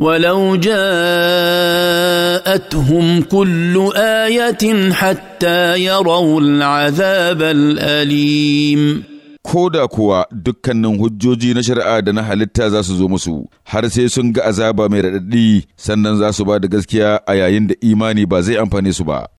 ولو جاءتهم كل ايه حتى يروا العذاب الاليم ko da kuwa dukkanin hujjoji na shari'a da na halitta za su zo musu har sai sun ga azaba mai raɗaɗi sannan za su ba da gaskiya a yayin da imani ba zai amfane su ba